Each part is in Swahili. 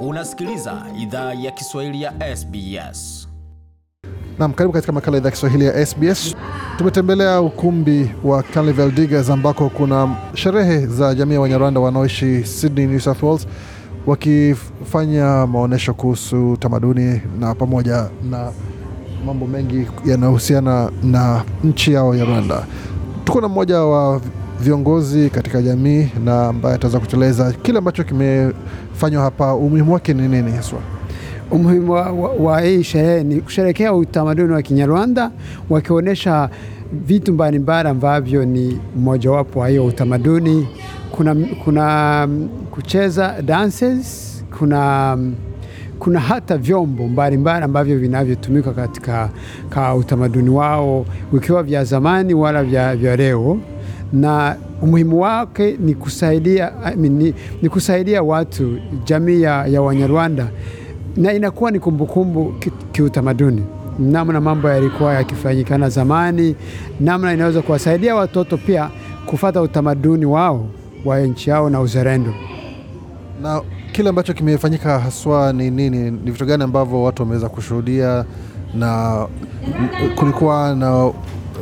Unasikiliza idhaa ya Kiswahili ya SBS. Nam, karibu katika makala idhaa ya Kiswahili ya SBS. Tumetembelea ukumbi wa Carnival Diggers ambako kuna sherehe za jamii ya Wanyarwanda wanaoishi Sydney, New South Wales wakifanya maonyesho kuhusu tamaduni na pamoja na mambo mengi yanayohusiana na nchi yao ya Rwanda. Tuko na mmoja wa viongozi katika jamii na ambaye ataweza kutueleza kile ambacho kimefanywa hapa, umuhimu wake ni nini haswa? Umuhimu wa, wa, wa hii sherehe ni kusherekea utamaduni wa Kinyarwanda wakionyesha vitu mbalimbali ambavyo ni mmojawapo wa hiyo utamaduni. Kuna, kuna um, kucheza dances, kuna, um, kuna hata vyombo mbalimbali ambavyo vinavyotumika katika ka utamaduni wao, ukiwa vya zamani wala vya, vya leo na umuhimu wake ni kusaidia, I mean, ni, ni kusaidia watu jamii ya, ya Wanyarwanda na inakuwa ni kumbukumbu kiutamaduni ki namna mambo yalikuwa yakifanyikana zamani, namna inaweza kuwasaidia watoto pia kufata utamaduni wao wa nchi yao na uzalendo. Na kile ambacho kimefanyika haswa ni nini? Ni vitu gani ambavyo watu wameweza kushuhudia na kulikuwa na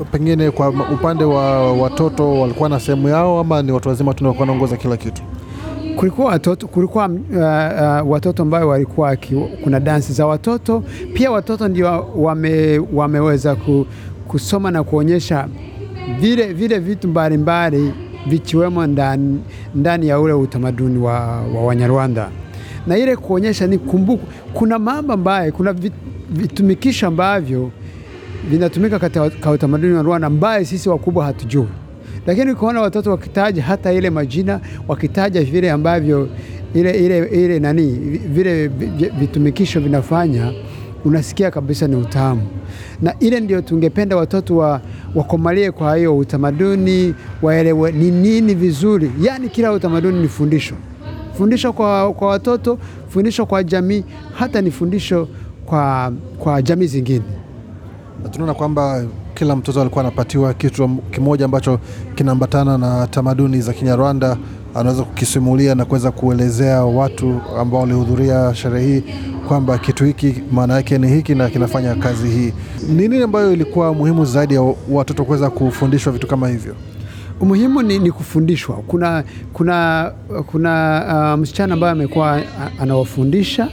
pengine kwa upande wa watoto walikuwa na sehemu yao, ama ni watu wazima tunakuwa wanaongoza kila kitu? Kulikuwa watoto, kulikuwa uh, uh, watoto ambao walikuwa kuna dansi za watoto pia. Watoto ndio wame, wameweza ku, kusoma na kuonyesha vile vile vitu mbalimbali vikiwemo ndani, ndani ya ule utamaduni wa, wa Wanyarwanda na ile kuonyesha ni kumbuku, kuna mambo ambayo kuna vitumikisho ambavyo vinatumika katika utamaduni wa Rwanda ambaye sisi wakubwa hatujui, lakini ukiona watoto wakitaja hata ile majina wakitaja vile ambavyo ile, ile, ile nani vile vitumikisho vinafanya unasikia kabisa ni utamu, na ile ndio tungependa watoto wa, wakomalie. Kwa hiyo utamaduni waelewe ni nini vizuri, yaani kila utamaduni ni fundisho, fundisho kwa, kwa watoto, fundisho kwa jamii, hata ni fundisho kwa, kwa jamii zingine tunaona kwamba kila mtoto alikuwa anapatiwa kitu kimoja ambacho kinaambatana na tamaduni za Kinyarwanda, anaweza kukisimulia na kuweza kuelezea watu ambao walihudhuria sherehe hii kwamba kitu hiki maana yake ni hiki na kinafanya kazi hii. Ni nini ambayo ilikuwa muhimu zaidi ya watoto kuweza kufundishwa vitu kama hivyo? Umuhimu ni, ni kufundishwa. Kuna, kuna, kuna uh, msichana ambaye amekuwa anawafundisha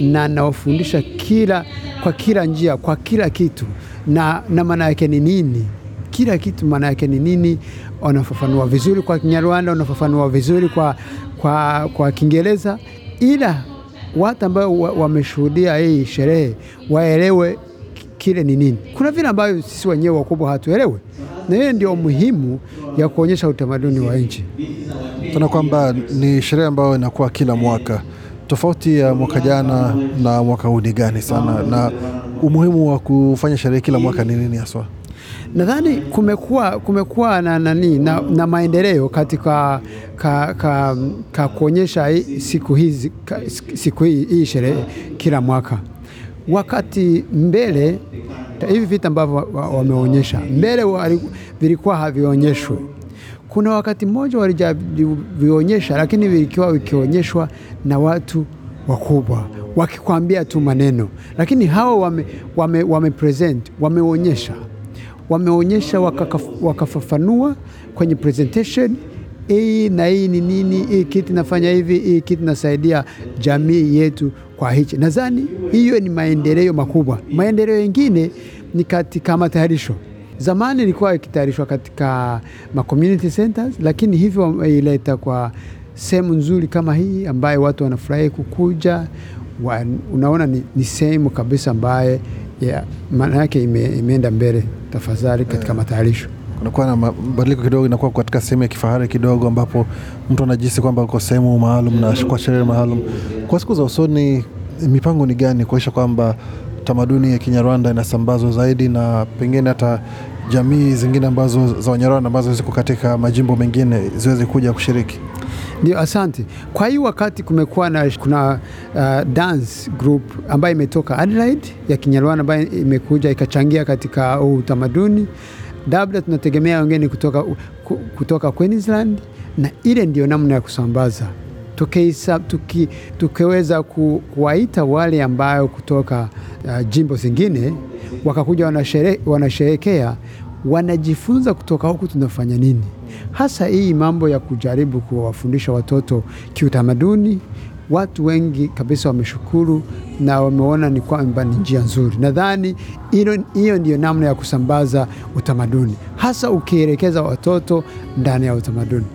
na nawafundisha kila kwa kila njia, kwa kila kitu, na, na maana yake ni nini kila kitu maana yake ni nini. Wanafafanua vizuri kwa Kinyarwanda, wanafafanua vizuri kwa, kwa, kwa Kiingereza, ila watu ambao wameshuhudia wa hii sherehe waelewe kile ni nini. Kuna vile ambavyo sisi wenyewe wakubwa hatuelewe, na hiyo ndio muhimu ya kuonyesha utamaduni wa nchi. Tuna kwamba ni sherehe ambayo inakuwa kila mwaka Tofauti ya mwaka jana na mwaka huu ni gani sana, na umuhimu wa kufanya sherehe kila mwaka ni nini haswa? Nadhani kumekuwa kumekuwa na nani na, na maendeleo katika ka, ka, ka kuonyesha siku hizi siku hii hii sherehe kila mwaka. Wakati mbele hivi vitu ambavyo wameonyesha mbele vilikuwa havionyeshwi kuna wakati mmoja walijavionyesha, lakini vikiwa vikionyeshwa na watu wakubwa wakikwambia tu maneno, lakini hao wame, wame, wame wameonyesha wameonyesha wakafafanua kwenye presentation hii na hii ni nini, hii kitu inafanya hivi, hii kitu inasaidia jamii yetu kwa hichi. Nadhani hiyo ni maendeleo makubwa. Maendeleo yengine ni katika matayarisho. Zamani ilikuwa ikitayarishwa katika ma community centers, lakini hivyo wameileta kwa sehemu nzuri kama hii ambayo watu wanafurahi kukuja wa, unaona ni, ni sehemu kabisa ambaye yeah, maana yake ime, imeenda mbele tafadhali katika yeah, matayarisho kunakuwa na mabadiliko kidogo, inakuwa katika sehemu ya kifahari kidogo, ambapo mtu anajisi kwamba uko sehemu maalum na kwa sherehe maalum. Kwa siku za usoni, mipango ni gani kuakisha kwamba tamaduni ya Kinyarwanda inasambazwa zaidi na pengine hata jamii zingine ambazo za Wanyarwanda ambazo ziko katika majimbo mengine ziweze kuja kushiriki. Ndio, asante. Kwa hiyo wakati kumekuwa na kuna uh, dance group ambayo imetoka Adelaide ya Kinyarwanda ambayo imekuja ikachangia katika utamaduni labda tunategemea wengine kutoka, kutoka Queensland, na ile ndio namna ya kusambaza tukiweza tuki, kuwaita wale ambayo kutoka uh, jimbo zingine wakakuja wanasherekea wanajifunza kutoka huku tunafanya nini hasa. Hii mambo ya kujaribu kuwafundisha watoto kiutamaduni, watu wengi kabisa wameshukuru na wameona ni kwamba ni njia nzuri. Nadhani hiyo ndiyo namna ya kusambaza utamaduni, hasa ukielekeza watoto ndani ya utamaduni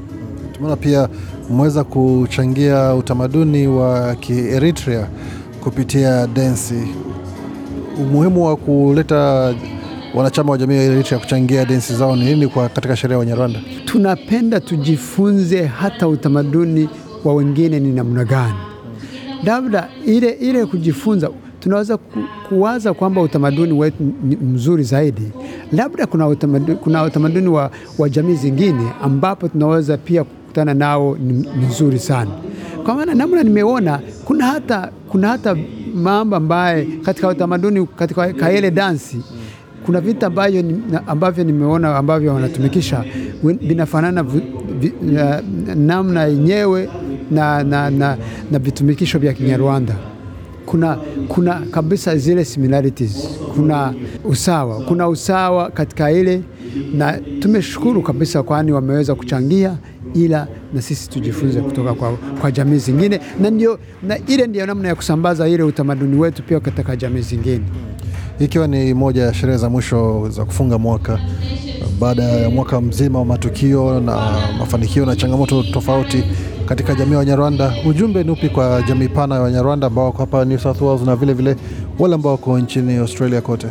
maana pia mweza kuchangia utamaduni wa Kieritrea kupitia densi. Umuhimu wa kuleta wanachama wa jamii ya Eritrea kuchangia densi zao ni nini kwa katika sheria ya Wanyarwanda? Tunapenda tujifunze hata utamaduni wa wengine ni namna gani, labda ile ile kujifunza tunaweza ku, kuwaza kwamba utamaduni wetu ni mzuri zaidi. Labda kuna utamaduni, kuna utamaduni wa, wa jamii zingine ambapo tunaweza pia kukutana nao ni nzuri sana, kwa maana namna nimeona kuna hata, kuna hata mambo ambaye katika utamaduni katika kaele dansi kuna vitu ambavyo ambavyo nimeona ambavyo wanatumikisha vinafanana namna yenyewe na, na, na, na vitumikisho vya Kinyarwanda. Kuna, kuna kabisa zile similarities, kuna usawa, kuna usawa katika ile, na tumeshukuru kabisa, kwani wameweza kuchangia ila na sisi tujifunze kutoka kwa, kwa jamii zingine, na ndio na ile ndiyo namna ya kusambaza ile utamaduni wetu pia katika jamii zingine. Ikiwa ni moja ya sherehe za mwisho za kufunga mwaka baada ya mwaka mzima wa matukio na mafanikio na changamoto tofauti katika jamii ya Wanyarwanda, ujumbe ni upi kwa jamii pana ya Wanyarwanda ambao wako hapa New South Wales na vilevile wale ambao wako nchini Australia kote?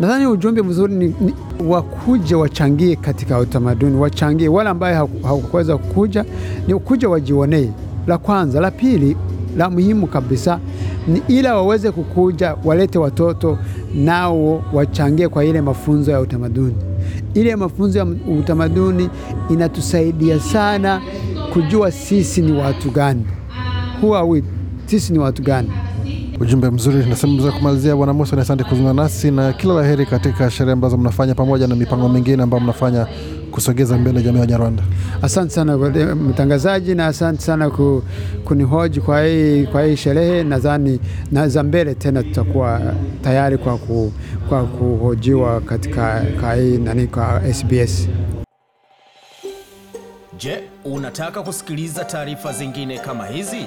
Nadhani ujumbe mzuri ni, ni wakuja wachangie katika utamaduni, wachangie wale ambaye hawakuweza kuja, ni kuja wajionee, la kwanza. La pili, la muhimu kabisa ni ila waweze kukuja, walete watoto nao wachangie kwa ile mafunzo ya utamaduni. Ile mafunzo ya utamaduni inatusaidia sana kujua sisi ni watu gani, huwa sisi ni watu gani. Ujumbe mzuri sehemu za kumalizia. Bwana Musa, asante kuzungumza nasi na kila laheri katika sherehe ambazo mnafanya pamoja na mipango mingine ambayo mnafanya kusogeza mbele jamii ya Nyarwanda. Asante sana mtangazaji, na asante sana ku, kunihoji kwa hii kwa hii sherehe. Nadhani na za mbele tena tutakuwa tayari kwa, ku, kwa kuhojiwa katika kwa hii nani kwa SBS. Je, unataka kusikiliza taarifa zingine kama hizi?